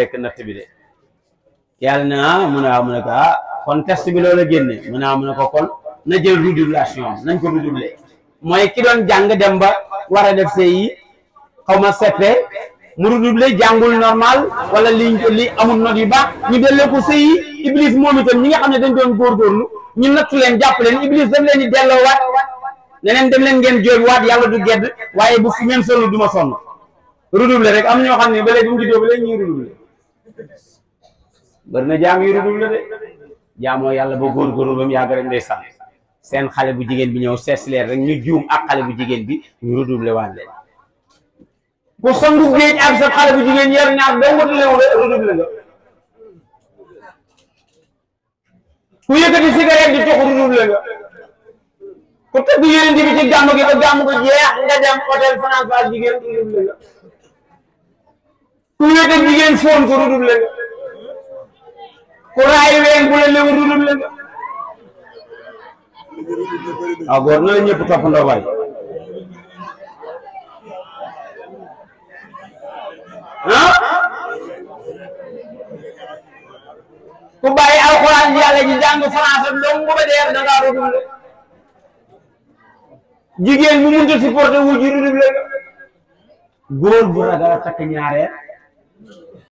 lek natt bi de yàlla ne ah mu kon ah, test bi loola genné mu ne ko kon na jël régulation nañ ko redoublé moy ki don jang dem ba wara def sey xawma xaw mu redoublé jangul normal wala li li amul note yu baax ñu délé ko sey iblis moom itam ñi nga xamné dañ doon gorlu ñu natt leen japp leen iblis dañ leen di délo wat leen dem leen ngeen jël wat yalla du gedd waye bu fi ñen solo du ma sonn rek am ñoo xam ba léegi bu mu juddoo ba léegi bari na jaam yu rubul la de jaamoo yàlla ba góorgóorlu ba mu yàgg rek ndeysaan seen xale bu jigéen bi ñëw sees rek ñu juum ak xale bu jigéen bi ñu redoublé waan leen ku sangu géej ak sa xale bu jigéen yar ñaar ba ngut lew redoublé nga ku yëkkati cigarette di jox redoublé nga ku tëgg yéen bi ci gàmm gi ba gàmm ko jeex nga dem hôtel France ba jigéen redoublé nga ku wéet jigéen foon ko ruduble nga ku raay ween bu la lewu ruduble nga ah, waaw góor na la ñëpp toppandoo waay ah ku bàyyi alxuraan yàlla ji jàng français dong bu ba dee da ngaa ruduble jigéen bu mënta supporté wu ji ruduble nga góor bu ragal takk ñaareel